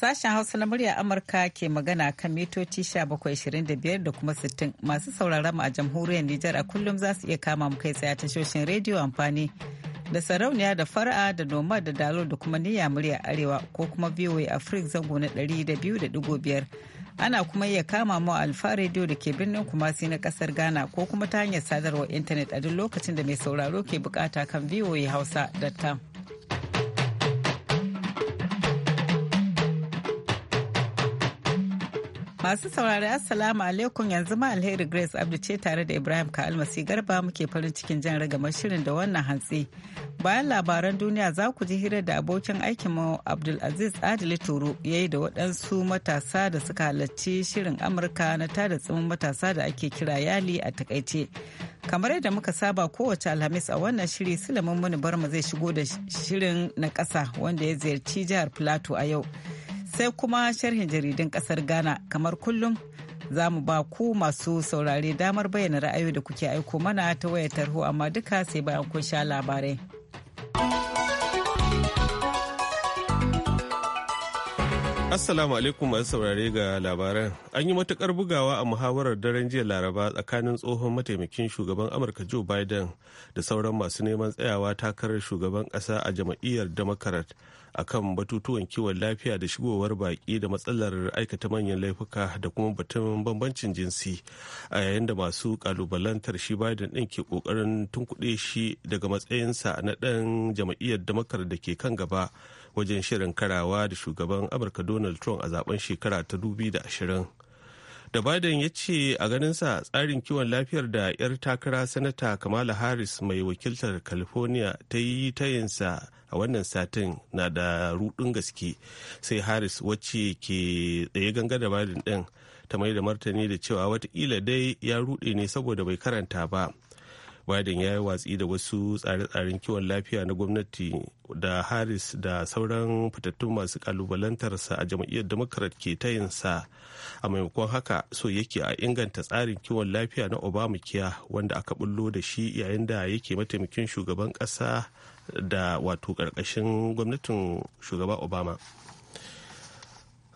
Sashen Hausa na murya Amurka ke magana kan mitoci 1725 da kuma 60 masu sauraron mu a jamhuriyar Nijar a kullum za su iya kama mu kai tsaye tashoshin rediyo amfani da sarauniya da fara'a da noma da dalo da kuma niyya murya arewa ko kuma VOA afrik zango na 200.5 ana kuma iya kama mu alfa rediyo da ke birnin kumasi na kasar Ghana ko kuma ta hanyar sadarwar intanet a duk lokacin da mai sauraro ke bukata kan hausa.com Masu saurari Assalamu alaikum yanzu ma alheri Grace Abdu ce tare da Ibrahim Almasi Garba muke farin cikin jan ragamar shirin da wannan hantsi. Bayan labaran duniya za ku ji hira da abokin aikin mu Abdulaziz Adili Toro ya yi da waɗansu matasa da suka halarci shirin Amurka na tada tsimin matasa da ake kira yali a takaice. Kamar yadda muka saba kowace Alhamis a wannan shiri Sulaiman Muni Barma zai shigo da shirin na ƙasa wanda ya ziyarci jihar Plateau a yau. sai kuma sharhin jaridun kasar ghana kamar kullum za mu ba ku masu saurare damar bayyana ra'ayoyi da kuke aiko mana ta wayar tarho amma duka sai bayan kun sha labarai Assalamu alaikum masu saurare ga labaran. An yi matukar bugawa a muhawarar daren jiya Laraba tsakanin tsohon mataimakin shugaban Amurka Joe Biden da sauran masu neman tsayawa takarar shugaban ƙasa a jam'iyyar Democrat kan batutuwan kiwon lafiya da shigowar baƙi da matsalar aikata manyan laifuka da kuma batun bambancin jinsi a yayin da masu kalubalantar shi Biden ɗin ke ƙoƙarin tunkuɗe shi daga matsayinsa na ɗan jam'iyyar Democrat da ke kan gaba wajen shirin karawa da shugaban amurka donald trump a zaben shekara ta 2020 da ashirin. da biden ya ce a ganinsa tsarin kiwon lafiyar da 'yar takara sanata kamala harris mai wakiltar california ta yi tayinsa a wannan satin na da rudin gaske sai harris wacce ke tsaye ganga da biden din ta mai da martani da cewa watakila dai ya rude ne saboda bai karanta ba biden ya yi watsi da wasu tsare-tsaren kiwon lafiya na gwamnati da harris da sauran fitattun masu kalubalantarsa a jam'iyyar democrat ke tayinsa a maimakon haka so yake a inganta tsarin kiwon lafiya na obamacare wanda aka bullo da shi yayin da yake mataimakin shugaban kasa da wato karkashin gwamnatin shugaba obama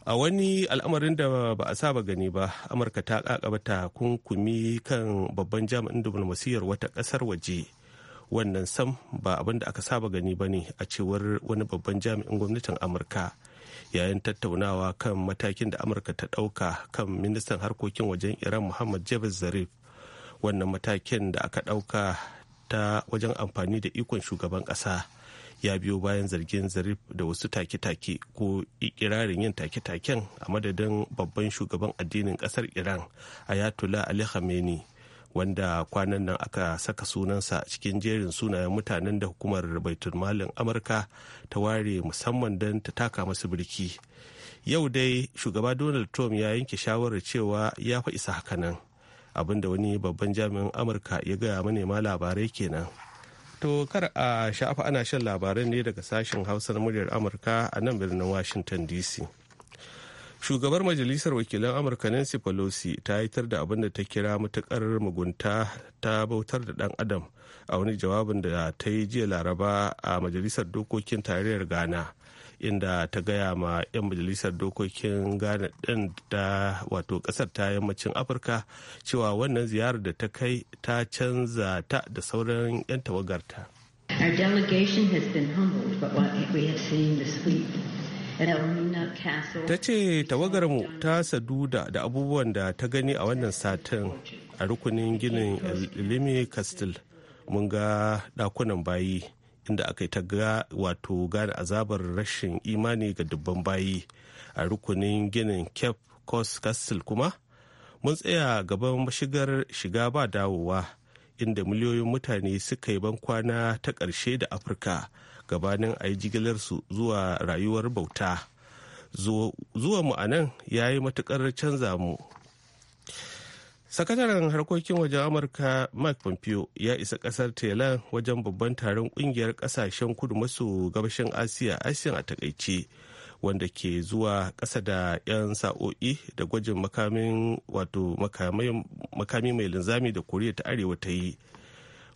a wani al'amarin da ba a saba gani ba amurka ta kakaba kunkumi kan babban jami'in diflomasiyyar wata kasar waje wannan sam ba abin da aka saba gani ba ne a cewar wani babban jami'in gwamnatin amurka yayin tattaunawa kan matakin da amurka ta ɗauka kan ministan harkokin wajen iran muhammad jabez zarif wannan matakin da aka ɗauka ta wajen amfani da ikon shugaban ƙasa ya biyo bayan zargin zarif da wasu take-take ko ikirarin yin take-taken a madadin babban shugaban addinin kasar iran ayatollah ali khamenei wanda kwanan nan aka saka sunansa cikin jerin sunayen mutanen da hukumar baitul malin amurka ta ware musamman don ta taka masu birki yau dai shugaba donald trump ya yanke shawarar cewa ya fa isa hakanan abinda wani babban jami'in amurka ya gaya manema labarai kenan To kar a shafa ana shan labarai ne daga sashen hausar muryar Amurka a nan birnin Washington DC. Shugabar Majalisar Wakilan Amurka Nancy Pelosi ta tar da abin da ta kira matukar mugunta ta bautar da ɗan adam a wani jawabin da ta yi jiya Laraba a Majalisar Dokokin Tarayyar Ghana. inda ta gaya ma 'yan majalisar dokokin ghana ɗin da wato ƙasar ta yammacin afirka cewa wannan ziyarar da ta kai ta canza ta da sauran 'yan tawagarta ta ce tawagarmu ta saduda da abubuwan da ta gani a wannan satin a rukunin ginin elimi castle mun ga dakunan bayi inda aka yi ta ga wato gane azabar rashin imani ga dubban bayi a rukunin ginin cape coast castle kuma mun tsaya gaban mashigar shiga ba dawowa inda miliyoyin mutane suka yi bankwana ta ƙarshe da afirka gabanin a yi jigilarsu zuwa rayuwar bauta zuwa mu a nan ya yi matukar canza mu sakataren harkokin wajen amurka mike pompeo ya isa kasar thailand wajen babban taron kungiyar kasashen kudu maso gabashin asiya asiyan a takaice wanda ke zuwa kasa da 'yan sa'o'i da gwajin makamin wato makami mai linzami da koriya ta arewa ta yi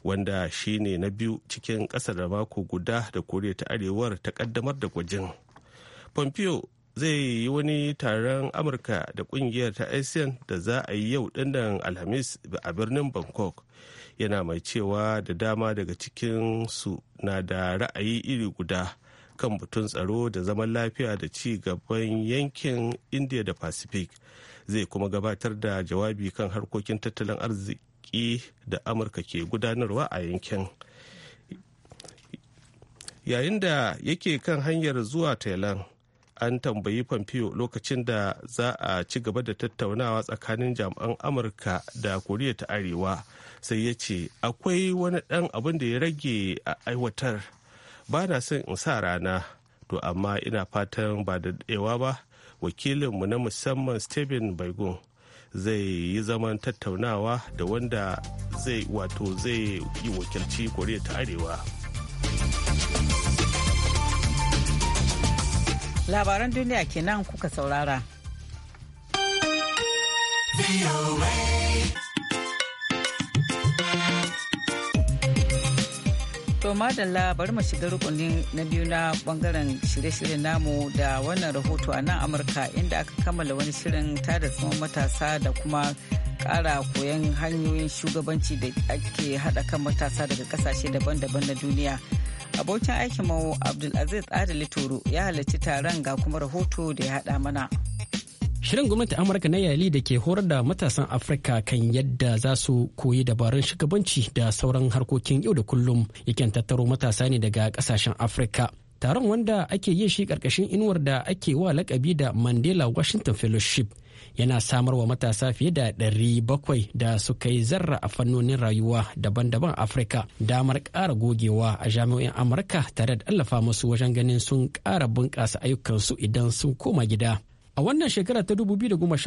wanda shi ne na biyu cikin kasa da mako guda da koriya ta arewar ta kaddamar da gwajin pompeo zai yi wani taron amurka da kungiyar ta asean da za a yi yau dandan alhamis a birnin bangkok yana mai cewa da dama daga cikin su na da ra'ayi iri guda kan batun tsaro da zaman lafiya da ci gaban yankin india da pacific zai kuma gabatar da jawabi kan harkokin tattalin arziki da amurka ke gudanarwa a yankin yayin da yake kan hanyar zuwa thailand an tambayi pompeo lokacin da za a ci gaba da tattaunawa tsakanin jami'an amurka da koriya ta arewa sai ya ce akwai wani ɗan abin da ya rage a aiwatar ba na son in sa rana to amma ina fatan ba da daɗewa ba wakilinmu na musamman stephen baigun zai yi zaman tattaunawa da wanda zai wato zai yi wakilci koriya ta arewa labaran duniya kenan kuka saurara. To madalla bari mu shiga rukunin na biyu na bangaren shirye-shiryen namu da wannan rahoto a nan Amurka inda aka kammala wani shirin tada tsohon matasa da kuma kara koyon hanyoyin shugabanci da ake haɗa kan matasa daga kasashe daban-daban na duniya. Abokin aikin mu Abdulaziz Adali Toro ya halarci taron ga kuma rahoto da ya haɗa mana. Shirin gwamnati Amurka na yali da ke horar da matasan Afirka kan yadda za su koyi dabarun shugabanci da sauran harkokin yau da kullum yakin tattaro matasa ne daga kasashen Afirka. Taron wanda ake yin shi ƙarƙashin inuwar da ake wa lakabi da Mandela Washington Fellowship yana samar wa matasa fiye da ɗari bakwai da suka yi zarra a fannonin rayuwa daban-daban afirka damar ƙara gogewa a jami'o'in amurka tare da allafa musu wajen ganin sun ƙara bunƙasa ayyukansu idan sun koma gida a wannan shekara ta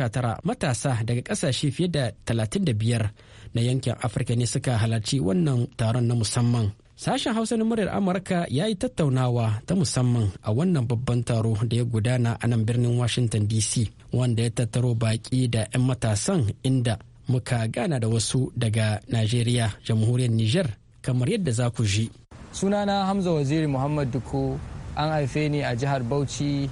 tara matasa daga ƙasashe fiye da talatin da biyar na yankin afirka ne suka halarci wannan taron na musamman Sashen Hausa na muryar Amurka ya yi tattaunawa ta musamman a wannan babban taro da ya gudana a nan birnin Washington DC wanda ya tattaro baƙi da 'yan matasan inda muka gana da wasu daga Najeriya, jamhuriyar niger kamar yadda za ku ji. Sunana Hamza Waziri Muhammad Duku an haife ni a jihar Bauchi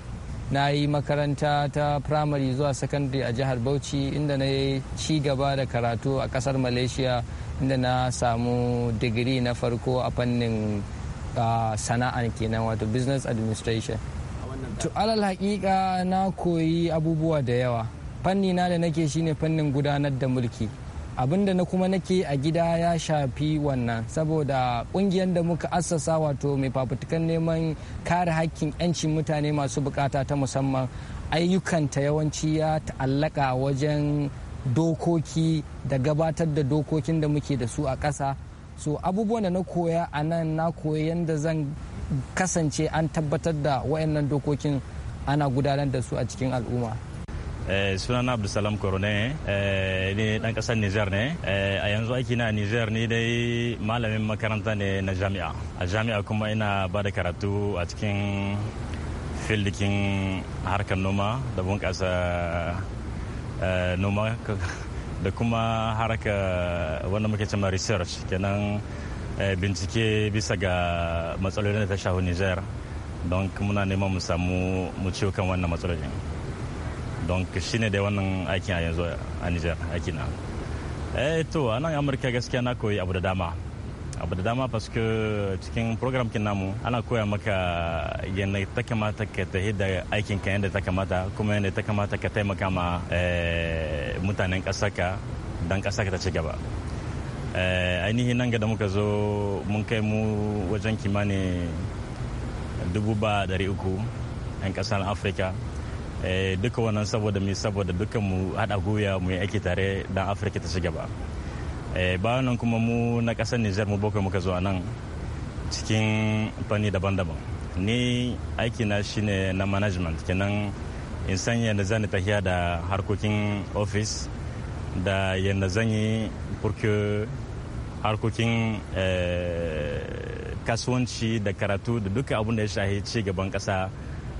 na yi makaranta ta firamare zuwa sakandare a jihar Bauchi inda na yi ci gaba da karatu a kasar Malaysia inda na samu digiri na farko a fannin sana'a kenan wato business administration to alal hakika na koyi abubuwa da yawa fanni na da nake shine fannin gudanar da mulki abinda na kuma nake a gida ya shafi wannan saboda kungiyar da muka assasa wato mai fafutukan neman kare hakkin 'yancin mutane masu bukata ta musamman ayyukanta yawanci ya ta'allaka wajen dokoki da gabatar da dokokin da muke da su a ƙasa so abubuwan da na koya a nan na koya yadda zan kasance an tabbatar da wayannan dokokin ana gudanar da su a cikin al'umma eh, sunana abdulsalam korone ne dan eh, kasar niger ne eh, a yanzu aiki na niger ni dai malamin makaranta ne na jami'a a jami'a kuma ina ba da karatu a cikin fildikin harkar noma da bunƙasa Eh, noma da kuma haraka eh, wanda muke cema research kenan eh, bincike bisa ga matsalolin da ta shafi niger don muna neman mu samu mu ciwo kan wannan matsalolin don shine da wannan aikin a yanzu a niger aiki na eh to a nan amurka gaskiya na koyi abu da dama abu da dama paske cikin program kin namu ana koya maka yadda ta kamata ka ta da aikin ka yadda ta kamata kuma yadda ta kamata ka taimaka ma eh, mutanen ka don ka ta ci gaba eh, ainihin nan ga da muka zo mun kai mu wajen kimanin dubu ba dari uku 'yan ƙasar afirka eh, duka wannan saboda mai saboda dukkan mu haɗa guya mu aiki tare don afirka ta ci gaba Eh, bayan nan kuma mu na kasar nijar mu bakwai muka zuwa nan cikin fanni daban-daban ni aiki na shine na management kenan in san yadda zan tafiya da harkokin ofis da yadda zan yi furke harkokin eh, kasuwanci da karatu da duka abin da ya shahi ci gaban kasa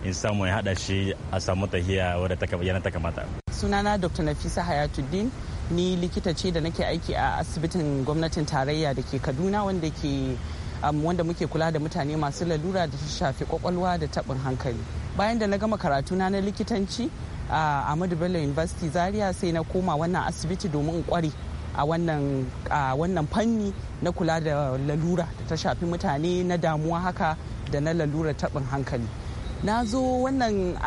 in samu ya hada shi a samu tahiya wadda yana ta kamata sunana dr nafisa hayatuddin ni likita ce da nake aiki a asibitin gwamnatin tarayya da ke kaduna wanda ke um, wanda muke kula da mutane masu lalura da ta shafi kwakwalwa da tabin hankali bayan da na gama karatuna na likitanci a amadu bello university zaria sai na koma wannan asibiti domin kwari kware a wannan fanni na kula da lalura da ta shafi mutane na damuwa haka da na lalura taɓin hankali na zo wannan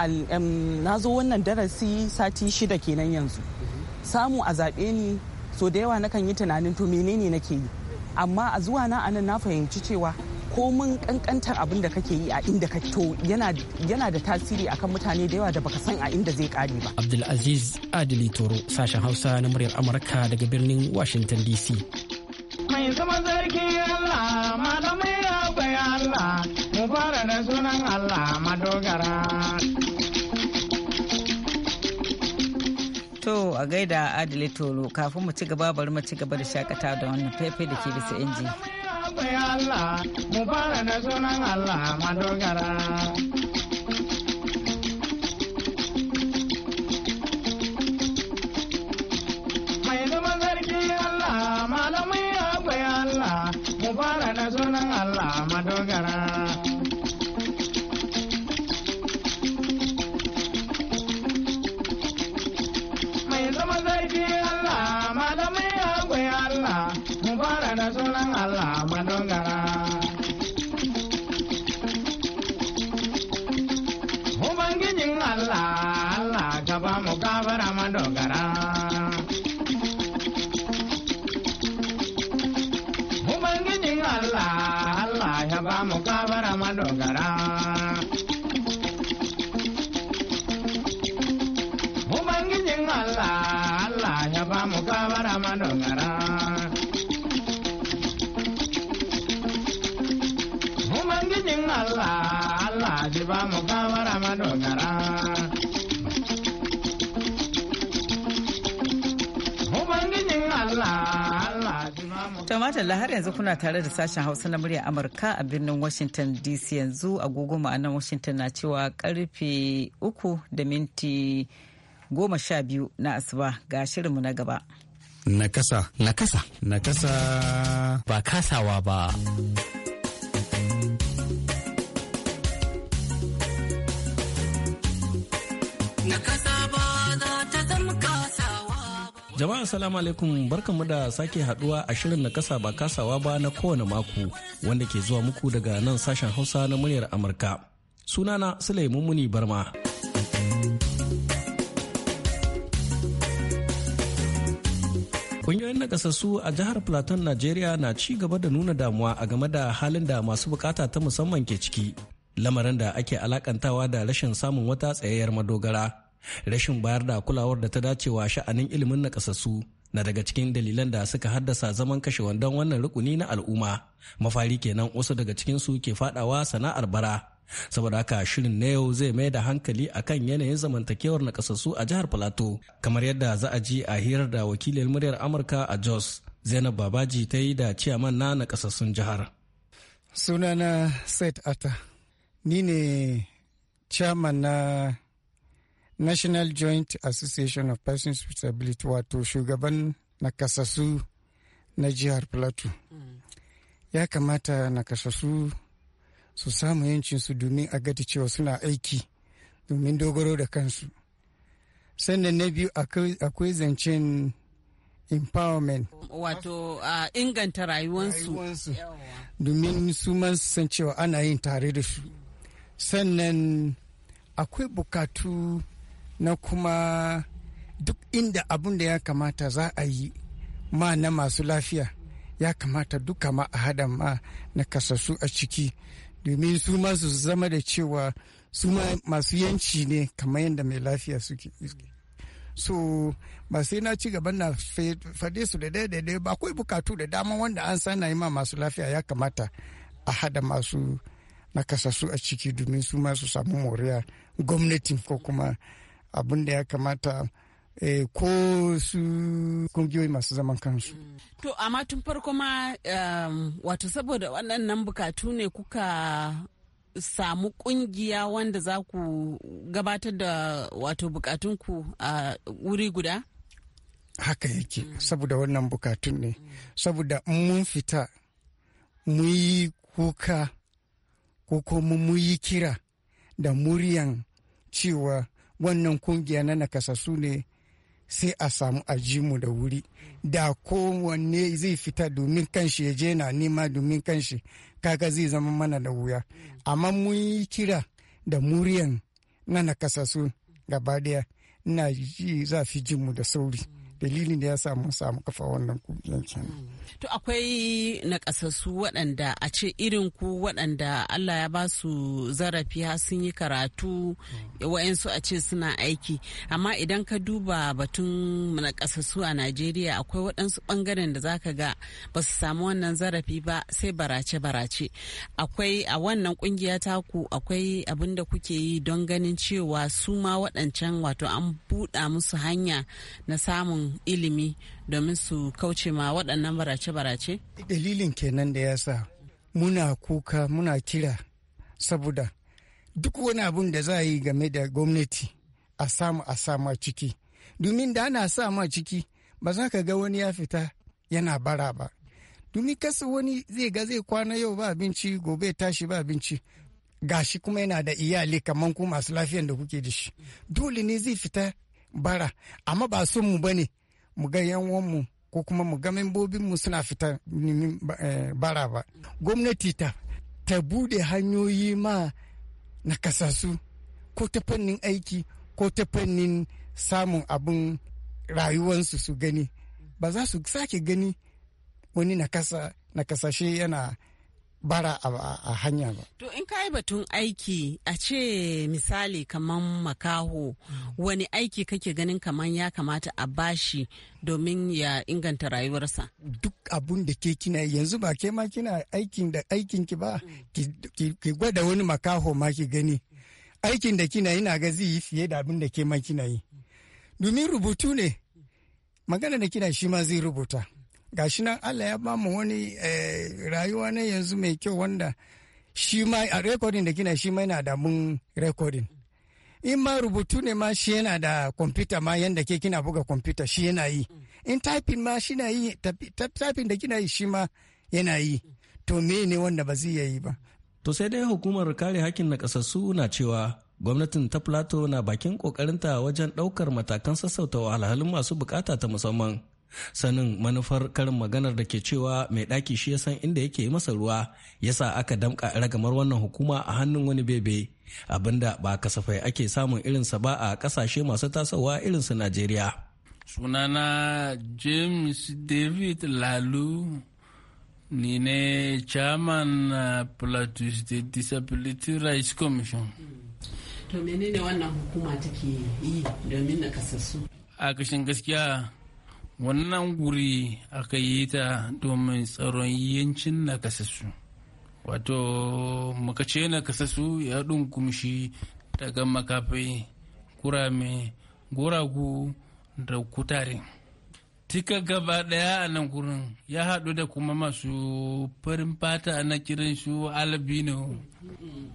darasi sati shida kenan yanzu samu a zaɓe ni so da yawa nakan yi tunanin to menene nake yi amma a zuwa na anan na fahimci cewa komin kankantar abin da kake yi a inda ka to yana da tasiri akan mutane da yawa da baka san a inda zai kare ba. Abdulaziz Adili Toro sashen Hausa na muryar Amurka daga birnin Washington DC. Mai zama zarki Allah malamai akwai Allah a gaida adalai toro kafin mu ci gaba bari mu ci gaba da shakata da wannan faifai da ke bisa inji da Malamai Allah madogara. Tumatar har yanzu kuna tare da sashen Hausa na murya Amurka a birnin Washington DC yanzu agogo ma'anan Washington na cewa karfe uku da minti goma sha biyu na asuba ga shirinmu na gaba. Nakasa. Nakasa. Nakasa. Ba kasawa ba. Jama'a salamu alaikum mu da sake haduwa a shirin na kasa ba kasawa ba na kowane mako wanda ke zuwa muku daga nan sashen Hausa na muryar Amurka. Sunana Sulaimun Muni Barma. Kungiyoyin nakasassu a jihar Plateau Najeriya na ci gaba da nuna damuwa a game da halin da masu bukata ta musamman ke ciki. Lamarin da ake alakantawa da rashin samun wata tsayayyar madogara rashin bayar da kulawar da ta dace wa sha'anin ilimin nakasassu na daga cikin dalilan da suka haddasa zaman kashe wandon wannan rukuni na al'umma mafari kenan wasu daga cikin su ke fadawa sana'ar bara saboda haka shirin na yau zai mai da hankali akan yanayin zamantakewar nakasassu a jihar plateau kamar yadda za a ji a hirar da wakilin muryar amurka a jos zainab babaji ta yi da ciyaman na kasassun jihar sunana said ata ni ne ciyaman na national joint association of persons with disability wato shugaban nakasassu na jihar plateau ya kamata nakasassu su samu yancinsu domin a gata cewa suna aiki domin dogaro da kansu sannan na biyu akwai zancen empowerment wato inganta rayuwansu domin su man san cewa ana yin tare da su sannan akwai bukatu na kuma duk inda abun da ya kamata za a yi ma na masu lafiya ya kamata duka ma a hada ma na kasassu a ciki domin su ma zama da cewa su masu yanci ne kamar yadda mai lafiya suke so ba sai na ci gaban na fade su da daidai ba akwai bukatu da dama wanda an sana yi ma masu lafiya ya kamata a hada masu na nakasassu a ciki domin su ma su samu moriya gwamnatin ko kuma abin da ya kamata eh, ko su kungiyoyi masu zaman kansu. To, amma tun farko ma um, wato saboda waɗannan bukatu ne kuka samu kungiya wanda za ku gabatar da wato bukatunku a wuri guda? Haka yake, mm. saboda wannan bukatun ne, mm. saboda mun fita mu yi kuka ko kuma mu yi kira da muryan cewa wannan kungiya na nakasassu ne sai a samu mu da wuri da kowanne zai fita domin kanshi ya je na nema domin kanshi kaga zai zama mana da wuya amma mun yi kira da muryan na nakasassu gaba daya ina ji zafi jinmu da sauri. dalilin da ya samu samu kafa wannan kungiyar To akwai nakasassu waɗanda a ce irin ku waɗanda Allah ya ba su zarafi har sun yi karatu wa'yansu a ce suna aiki amma idan ka duba batun nakasassu a Najeriya akwai waɗansu ɓangaren da zaka ga ba su samu wannan zarafi ba sai barace-barace akwai a wannan kungiya ku akwai abin da kuke yi don ganin cewa su ma waɗancan wato an buɗa musu hanya na samun ilimi domin su kauce ma waɗannan barace-barace? Dalilin kenan da ya sa muna kuka muna kira saboda duk wani abu da za a yi game da gwamnati a samu a sama ciki. Domin da ana sama ciki ba za ka ga wani ya fita yana bara ba. Domin kasa wani zai ga zai kwana yau ba abinci gobe tashi ba abinci gashi kuma yana da iyali kamar ku masu lafiyan da kuke da shi dole ne zai fita bara amma ba son mu bane mu ga yan ko kuma mu ga membobinmu suna fita nemin eh, bara ba gwamnati ta ta bude hanyoyi ma na kasasu ko ta fannin aiki ko ta fannin samun abin rayuwarsu su gani ba za su sake gani wani na nakasashe yana bara a hanya ba. To in ka yi batun aiki a ce misali kamar makaho wani aiki kake ganin kamar ya kamata a bashi domin ya inganta rayuwarsa? Duk abun da ke kina yanzu ba ke ma kina aikin da aikin ki ba ki gwada wani makaho ma ki gani. Aikin da kina yi na ga zai yi fiye da abin da ke ma kina yi. Domin rubutu ne magana da kina shi ma zai rubuta. gashi nan Allah ya ba mu wani eh, rayuwa na yanzu mai kyau wanda shi ma a recording da kina shi ma yana da mun recording in ma rubutu ne ma shi yana da computer ma yanda ke kina buga computer shi yana yi in typing ma shi na yi typing da kina yi shi ma yana yi to me ne wanda ba zai yi ba to sai dai hukumar kare hakkin na kasassu na cewa gwamnatin ta plateau na bakin kokarinta wajen daukar matakan sassauta wahalhalun masu bukata ta musamman sanin manufar karin maganar da ke cewa mai ɗaki shi ya san inda yake yi masa ruwa ya sa aka damka ragamar wannan hukuma a hannun wani bebe abinda ba kasafai ake samun irinsa ba a ƙasashe masu tasowa irinsu najeriya sunana james david lalu ni ne chairman uh, plateau state disability rights commission to menene wannan hukuma take yi domin na kasassu? a kashin gaskiya wannan guri aka yi ta domin tsaron yancin kasasu, wato makace kasasu ya kumshi daga makafai kurame guragu da kutare tika gaba daya a nan gurin ya haɗu da kuma masu farin fata na kiran su albino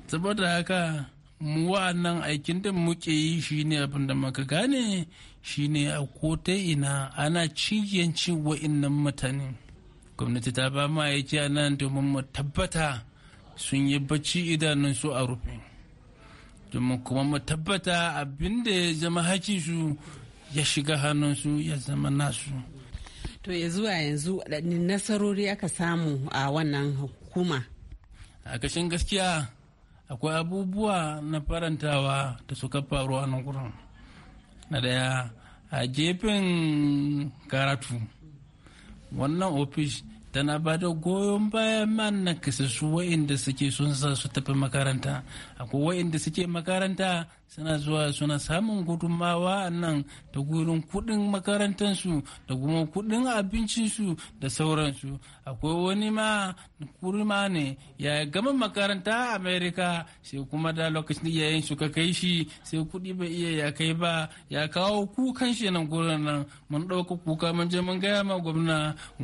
saboda haka mu wa'annan aikin da muke yi shine abin da muka gane shine a ko ina ana ciyancin wa'innan mutane gwamnati ta ba ma ya nan domin mu tabbata sun yi bacci idanunsu a rufe domin kuma mu tabbata abin da ya zama haƙi su ya shiga hannunsu ya zama nasu to ya zuwa yanzu nasarori aka samu a wannan hukuma a kashin gaskiya akwai abubuwa na farantawa da suka faru a nan gurin na daya a gefen karatu wannan ofis tana ba da goyon bayan mannan kasassu wa'inda suke sun sa su tafi makaranta akwai wa'inda suke makaranta suna zuwa suna samun gudunmawa nan da gurin kudin makarantarsu da kuma kudin abincinsu da sauransu akwai wani ma kurma ne ya gama makaranta amerika sai kuma da lokacin iyayen ka kai shi sai kudi bai iya ya kai ba ya kawo kukan shi nan gurin nan mun ɗauka kuka mun je mun gaya ma gwamna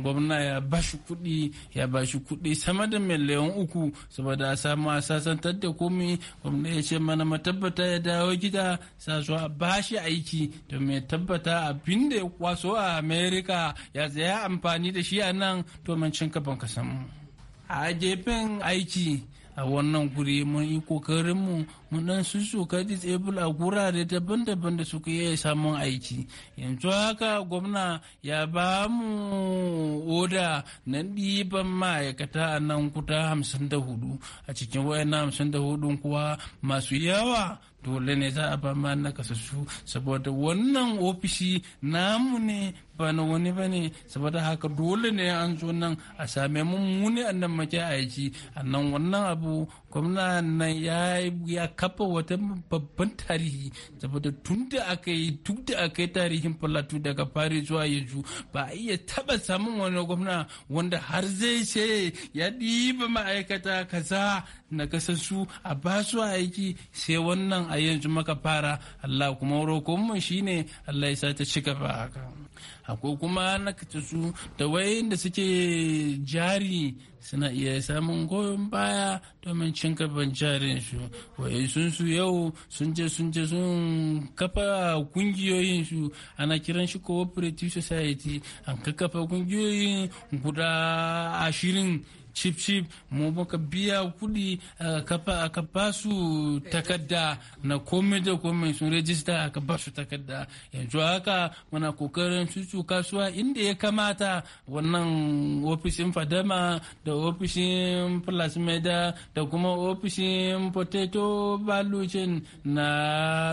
gwamna ya bashi kudi ya bashi kudi sama da miliyan uku saboda a samu a sasantar da komi gwamna ya ce mana matabbata ya dawo gida sa zuwa a bashi aiki domin ya tabbata abin da ya kwaso a america ya tsaya amfani da shi a nan domin cin kafan kasan a gefen aiki a wannan guri mun yi mu mun dan ka disable a gurare daban-daban da suka iya samun aiki yanzu haka gwamna ya ba mu oda na ɗiban ma'aikata a nan kuta hamsin da hudu a cikin wayan hamsin da hudun kuwa masu yawa dole ne za a ba ma nakasassu saboda wannan ofishi namu ne ba wani ba ne saboda haka dole ne an zo nan a same mun muni a nan a aiki a nan wannan abu gwamna nan ya kafa wata babban tarihi saboda tun da aka yi duk da aka yi tarihin falatu daga fari zuwa yanzu ba a iya taba samun wani gwamna wanda har zai ce ya ɗiba ma'aikata kaza na kasassu a ba su aiki sai wannan a yanzu maka fara Allah kuma roƙon mu shine Allah ya sa ta ci gaba haka akwai kuma nakatasu da wayanda suke jari suna iya samun goyon baya domin cin gaban jarin su wai sun su yau sun je sun je sun kafa kungiyoyin su ana kiran shi cooperative society an kakkafa kungiyoyin guda ashirin cip cip mu baka biya kuɗi eh, ka ba su takarda na komai da komai sun rajista ka ba su takarda yanzu haka muna kokarin su kasuwa inda ya kamata wannan ofishin fadama da ofishin plasmeda da kuma ofishin potato balucin na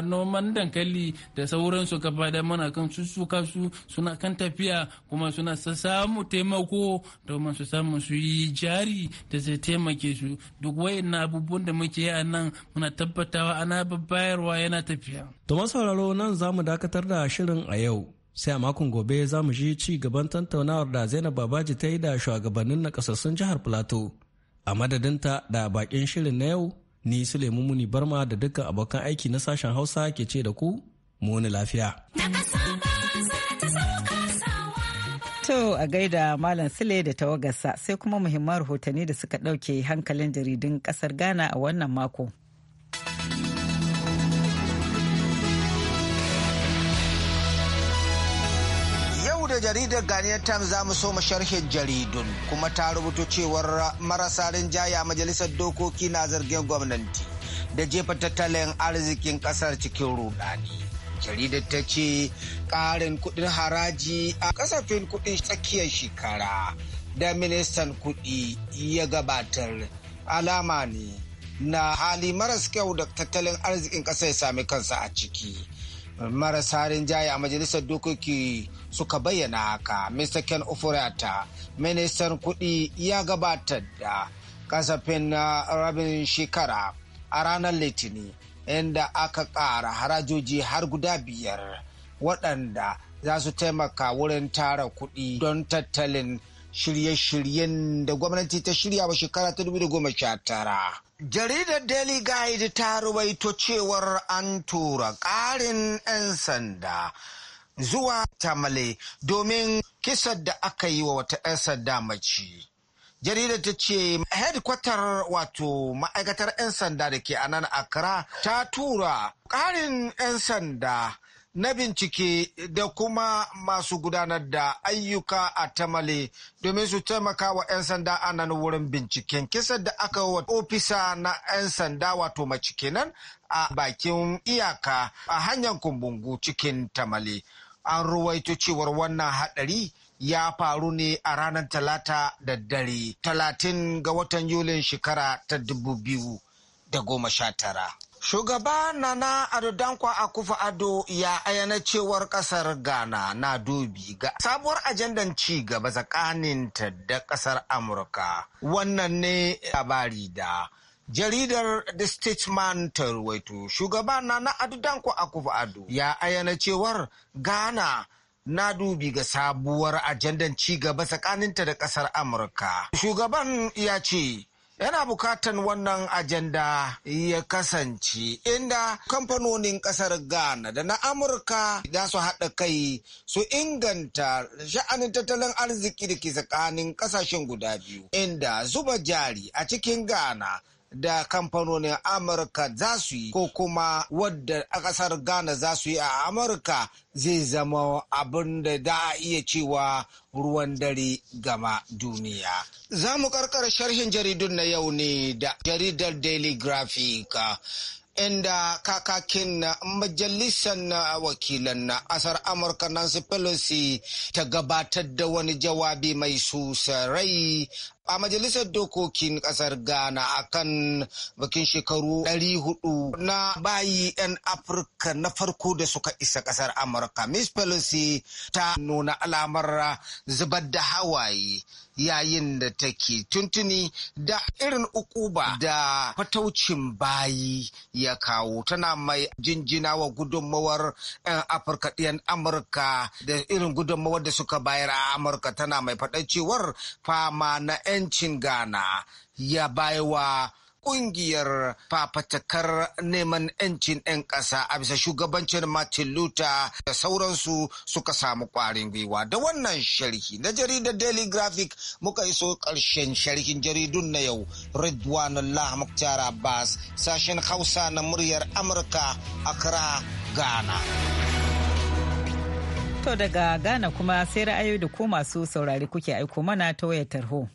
noman dankali da sauransu gaba da mana kan sussuka su suna kan tafiya kuma suna samu taimako domin su samu su yi jari da zai taimake su duk na abubuwan da muke yi a nan muna tabbatawa ana bayarwa yana tafiya. To sauraro nan za mu dakatar da shirin a yau sai a makon gobe za mu ji ci gaban tattaunawar da Zainab Babaji ta yi da shugabannin na kasassun jihar Plateau. A madadinta da bakin shirin na yau ni Suleiman Muni Barma da dukkan abokan aiki na sashen Hausa ke ce da ku mu lafiya. Na To a gaida Malam Sule da tawagarsa sai kuma muhimman rahotanni da suka ɗauke hankalin jaridun ƙasar Ghana a wannan mako. da jaridar Ghanaian Times za mu so sharhin jaridun kuma ta rubuto cewar marasa rinjaya majalisar dokoki na zargin gwamnati da jefa tattalin arzikin kasar cikin rudani. jaridar ta ce ƙarin kuɗin haraji a kasafin kuɗin tsakiyar shekara da ministan kuɗi ya gabatar alama ne na hali maras kyau da tattalin arzikin ƙasa ya sami kansa a ciki marasa rinjaye a majalisar dokoki suka bayyana haka mr ken ofurata ministan kuɗi ya gabatar da kasafin rabin shekara a ranar litini. inda aka ƙara harajoji har guda biyar waɗanda za su taimaka wurin tara kuɗi don tattalin shirye-shiryen da gwamnati ta shirya wa shekara ta tara. Jaridar Daily Guide ta rubaito cewar an tura ƙarin 'yan sanda zuwa tamale domin kisar da aka yi wa wata 'yan sanda mace. jaridar ta ce hedkwatar wato ma'aikatar 'yan sanda da ke a nan akra ta tura ƙarin 'yan sanda na bincike da kuma masu gudanar da ayyuka a tamale domin su taimaka wa 'yan sanda a nan wurin binciken kisa da aka wa ofisa na 'yan sanda wato mace kenan a bakin iyaka a hanyar kumbungu cikin tamale an ruwaito cewar wannan haɗari ya faru ne a ranar talata da dare talatin ga watan yulin shekara ta dubu biyu da goma sha tara. Shugaba Nana Ado Dankwa Akufa Ado ya ayyana cewar kasar Ghana na dubi ga sabuwar ajandan ci gaba tsakaninta da kasar Amurka. Wannan ne labari da jaridar The Statesman ta ruwaito. Shugaba Nana Ado Dankwa Akufa Ado ya ayyana cewar Ghana na dubi ga sabuwar ajandan ci gaba tsakaninta da kasar amurka shugaban ya ce yana bukatan wannan ajanda ya kasance inda kamfanonin kasar ghana da na amurka za su haɗa kai su inganta sha'anin tattalin arziki da ke tsakanin ƙasashen guda biyu inda zuba jari a cikin ghana da kamfanonin amurka za su yi ko kuma wadda a ƙasar ghana za su yi a amurka zai zama abin da da a iya cewa ruwan dare gama duniya za mu karkar sharhin jaridun na yau ne da jaridar daily graphic inda kakakin majalisar wakilan na asar amurka nancy pelosi ta gabatar da wani jawabi mai susarai a majalisar dokokin kasar ghana akan bikin shekaru 400 na bayi 'yan afirka na farko da suka isa kasar amurka miss pelosi ta nuna alamar zubar da hawaye yayin da take tuntuni da irin ukuba da fataucin bayi ya kawo tana mai jinjina wa gudunmawar 'yan afirka ɗiyan amurka da irin gudunmawar da suka bayar a amurka tana mai faɗa fama na 'yan 'yancin Ghana ya baiwa kungiyar fafatakar neman 'yancin 'yan ƙasa a bisa shugabancin Martin Luther da sauransu suka samu ƙwarin gwiwa. Da wannan sharhi na jaridar Daily Graphic muka iso ƙarshen sharhin jaridun na yau Ridwan Allah Abbas sashen Hausa na muryar Amurka Accra, Ghana. To daga Ghana kuma sai ra'ayoyi da ko masu saurari kuke aiko mana ta wayar tarho.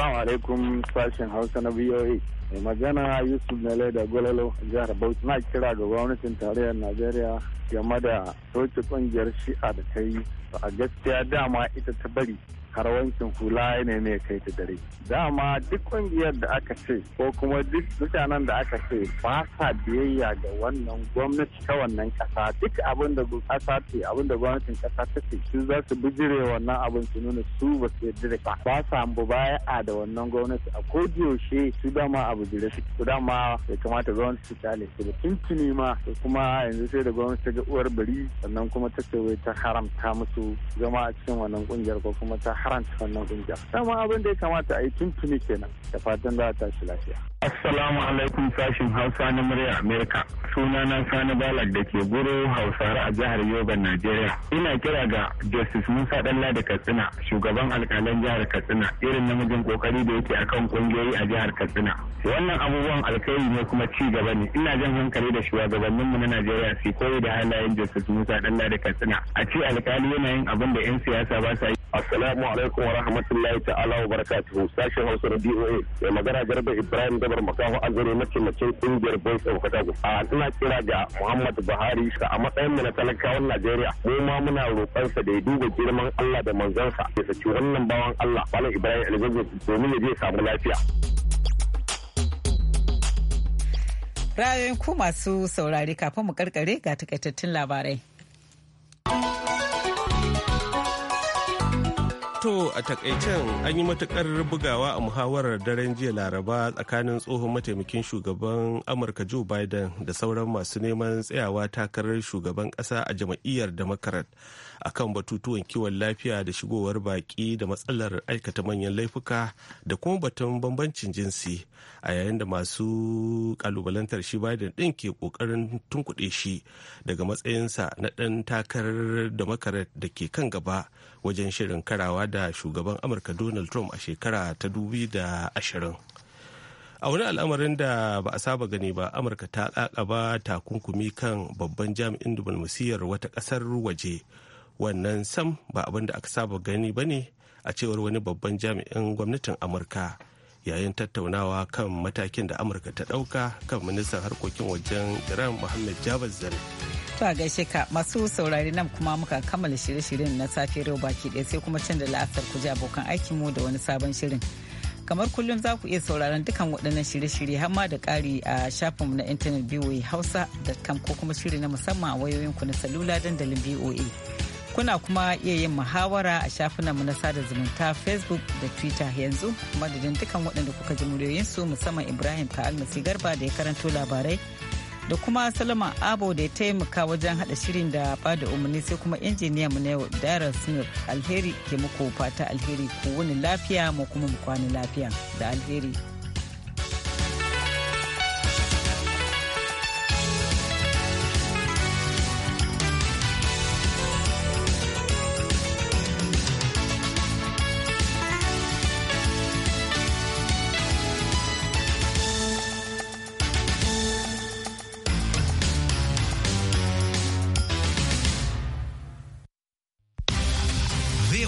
Assalamu alaikum sashen Hausa na BOA. Mai magana Yusuf Nale da Gwalalo jihar Bauchi na kira ga gwamnatin tarayyar Najeriya game da soke kungiyar shi'a da ta yi. A gaskiya dama ita ta bari har wankin hula ne ne kai ta dare dama duk kungiyar da aka ce ko kuma duk mutanen da aka ce ba sa biyayya ga wannan gwamnati ta wannan kasa duk abin da kasa ce abin da gwamnatin kasa ta ce su za su bijire wannan abin su nuna su ba su yarda da ba ba sa a da wannan gwamnati a yaushe su dama a jire su su dama ya kamata gwamnati su kyale su da tuntuni ma da kuma yanzu sai da gwamnati ta ga uwar bari sannan kuma ta ce wai ta haramta musu zama a cikin wannan kungiyar ko kuma ta haranta wannan kungiya dama abin da ya kamata a yi tuntuni kenan da fatan za a tashi lafiya assalamu alaikum sashin hausa na murya amerika sunana sani balak da ke guru hausare a jihar yoba nigeria ina kira ga justice musa dalla da katsina shugaban alkalan jihar katsina irin namijin kokari da yake akan kungiyoyi a jihar katsina wannan abubuwan alkhairi ne kuma ci gaba ne ina jan hankali da shugabannin mu na nigeria su koyi da halayen justice musa dalla da katsina a ce alkali yana yin abin da 'yan siyasa ba sa yi Assalamu alaikum wa rahmatullahi ta'ala wa barakatuhu sashen Hausa na DOA mai magana Garba Ibrahim Dabar Makaho Azare mace mace kungiyar Boys of A ina kira ga Muhammad Buhari a matsayin mu na talakawan Najeriya mu ma muna roƙon sa da ya duba girman Allah da manzansa ya saki wannan bawan Allah Malam Ibrahim Alhaji domin ya je samu lafiya. Ra'ayoyin ku masu saurari kafin mu karkare ga takaitattun labarai. To a takaicen an yi matukar bugawa a muhawarar daren jiya laraba tsakanin tsohon mataimakin shugaban Amurka Joe Biden da sauran masu neman tsayawa takarar shugaban kasa a jam'iyyar a kan batutuwan kiwon lafiya da shigowar baƙi da matsalar aikata manyan laifuka da kuma batun bambancin jinsi a yayin da masu kalubalantar shi Biden din ke kokarin tunkuɗe shi daga matsayinsa na ɗan takarar Democrat da ke kan gaba wajen shirin karawa da shugaban amurka donald trump a shekara ta da ashirin. a wani al'amarin da ba a saba gani ba amurka ta ba takunkumi kan babban jami'in musiyar wata kasar waje wannan sam ba abin da aka saba gani ba ne a cewar wani babban jami'in gwamnatin amurka yayin tattaunawa kan matakin da amurka ta ɗauka kan ministan harkokin wajen iran muhammad jabaz zarif to a gaishe ka masu saurari nan kuma muka kammala shirye-shiryen na safiyar yau baki ɗaya sai kuma canza la'asar ku ji abokan aikin mu da wani sabon shirin kamar kullum za ku iya sauraron dukkan waɗannan shirye-shirye har ma da ƙari a shafinmu na intanet da hausa.com ko kuma shirin na musamman a wayoyinku na salula dandalin voa kuna kuma iya yin muhawara a shafinanmu na sada zumunta facebook da twitter yanzu madadin dukkan waɗanda kuka ji muryoyinsu musamman ibrahim almasi garba da ya karanto labarai da kuma salama abo da ya taimaka wajen haɗa shirin da bada umarni sai kuma mu na yau dara smith alheri ke muku fata alheri ku wuni lafiya mu kuma mu kwana lafiya da alheri